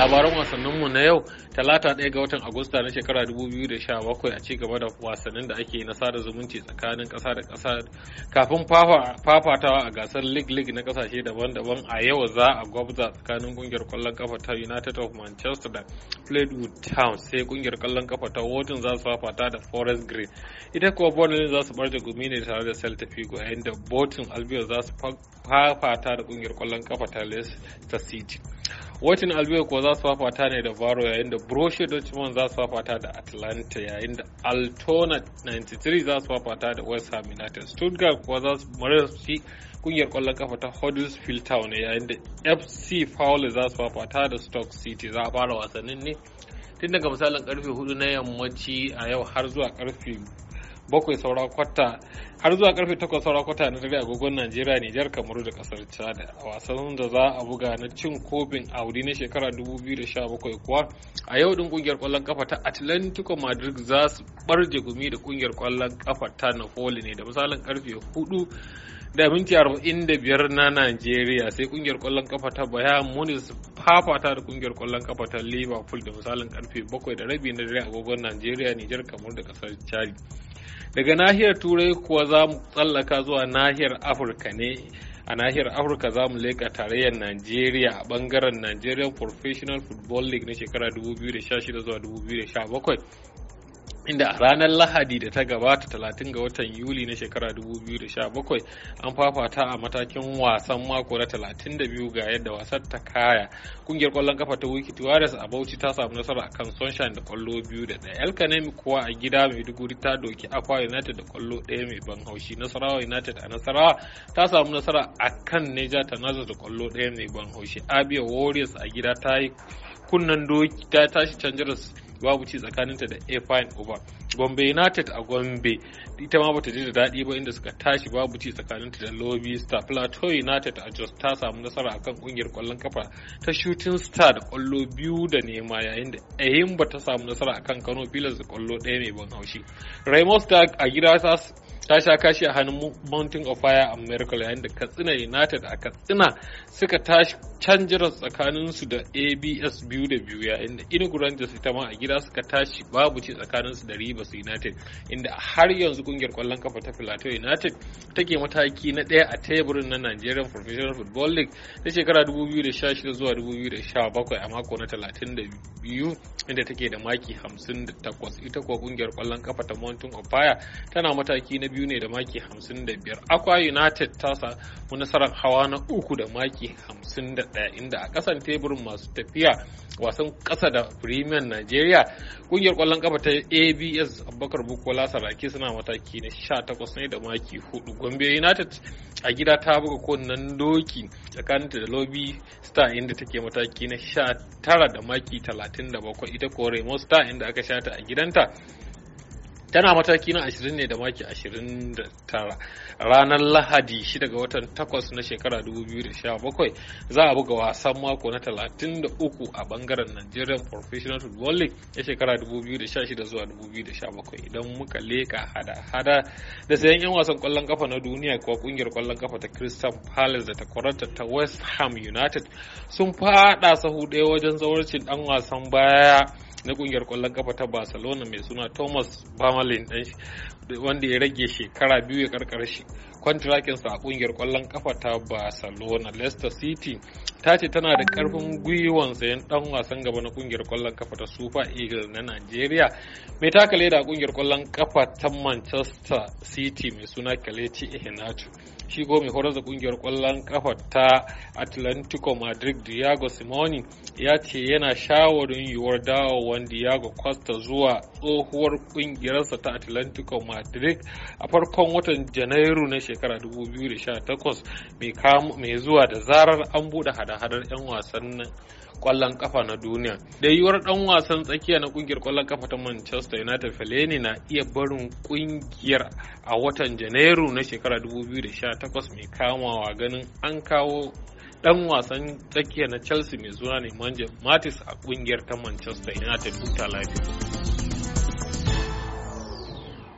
labaran mu na yau talata ɗaya ga watan agusta na shekara 2017 a ci gaba da wasannin da ake na sada zumunci tsakanin ƙasa da ƙasa kafin fafatawa a gasar league league na kasashe daban-daban a yau za a gwabza tsakanin kungiyar kwallon kafa ta united of manchester da fleetwood town sai kungiyar kwallon kafa ta wotin za su fafata da forest green ita kuwa bonnie za su barje gumi ne tare da celtic figo yayin da botin albion za su fafata da kungiyar kwallon kafa ta leicester city Wacin Albion kuwa za su fafata ne da Varo yayin da Borussia Dortmund za su fafata da Atlanta yayin da Altona 93 za su fafata da West Ham United. Stuttgart kuwa za su ƙungiyar kungiyar kwallon kafa ta Huddersfield Town yayin da FC Fowler za su fafata da Stoke City za a fara wasannin ne tun daga misalin karfe 4 na yammaci a yau har zuwa karfe bakwai saura kwata har zuwa karfe takwas saura kwata na dare agogon najeriya nijar kamaru da kasar chad a wasan da za a buga na cin kobin audi na shekara 2017 kuwa a yau din kungiyar kwallon kafa ta atlantico madrid za su barje gumi da kungiyar kwallon kafa ta napoli ne da misalin karfe hudu da minti 45 na Najeriya sai kungiyar kwallon kafa ta Bayern Munich fafata da kungiyar kwallon kafa ta liverpool da misalin karfe 7 da rabi na dare agogon najeriya niger kamar da kasar chari daga nahiyar turai kuwa za mu tsallaka zuwa nahiyar afirka ne a nahiyar afirka za mu leƙa tarayyar najeriya a bangaren nigerian professional football league na shekara 2016 zuwa 2017 inda a ranar lahadi da ta gabata 30 ga watan yuli na shekara 2017 an fafata a matakin wasan mako na 32 ga yadda wasan ta kaya kungiyar kwallon kafa ta wiki tuwares a bauchi ta samu nasara akan sunshine da kwallo biyu da daya alkanami kowa kuwa a gida mai duguri ta doki akwa united da kwallo daya mai ban haushi nasarawa united a nasarawa ta samu nasara akan neja tanazar da kwallo daya mai ban haushi abia warriors a gida ta yi kunnan doki ta tashi canjaras babu ci tsakaninta da Fine uba gombe united a gombe ita ma bata ji da daɗi ba inda suka tashi babu ci tsakaninta da lobby star plateau united a jos ta samu nasara akan kungiyar kwallon kafa ta shooting star da kwallo biyu da nema yayin da ehimba ta samu nasara akan kano pilas da kwallo ɗaya mai ban haushi ramos a gida ta sha kashi a hannun mountain of fire a miracle yayin da katsina united a katsina suka tashi canjira su da abs biyu da biyu yayin da inugu su ita ma a gida suka tashi babu ci su da rivers united inda har yanzu kungiyar kwallon kafa ta plateau united take mataki na daya a teburin na nigerian professional football league ta shekara 2016 zuwa 2017 a mako na 32 inda take da maki 58 ita kuwa kungiyar kwallon kafa ta mountain of fire tana mataki na biyu biyu ne da maki 55 aqua united ta samu nasarar hawa na uku da maki 51 inda a kasan teburin masu tafiya wasan kasa da premier nigeria kungiyar kwallon kafa ta abs abubakar bukola saraki suna mataki na 18 ne da maki 4 gombe united a gida ta buga kunnen doki tsakaninta da lobby star inda take mataki na 19 da maki 37 ita ko remo star inda aka shata a gidanta tana mataki na 20 ne da maki 29 ranar lahadi 6 ga watan 8 na shekara 2017 za a buga wasan mako na 33 a bangaren nigerian professional football league na shekara 2016 zuwa 2017 idan muka leka hada-hada da sayan 'yan wasan kwallon kafa na duniya kuwa kungiyar kwallon kafa ta crystal palace da ta kwaranta ta west ham united sun fada sahu ɗaya wajen zauracin dan wasan baya na kungiyar kwallon kafa ta barcelona mai suna thomas bamalin wanda ya rage shekara biyu ya karkar shi kwantirakinsa a kungiyar kwallon kafa ta barcelona leicester city ta ce tana da karfin gwiwan sayan dan wasan gaba na kungiyar kwallon kafa ta super eagles na nigeria mai takale da kungiyar kwallon kafa ta manchester city mai suna kaleci ihenatu shi mai horar da kungiyar kwallon kafa ta atlantico madrid diyago simoni ya ce yana shawarin yiwuwar dawowan diago costa zuwa tsohuwar kungiyarsa ta atlantico madrid a farkon watan janairu na shekara 2018 mai zuwa da zarar an bude hada-hadar 'yan wasan kwallon kafa na duniya da yiwuwar dan wasan tsakiya na kungiyar kwallon kafa ta manchester united fellaini na iya barin kungiyar a watan janairu na shekara 2018 mai kamawa ganin an kawo dan wasan tsakiya na chelsea mai zuwa ne matis a kungiyar ta manchester united huta lafiya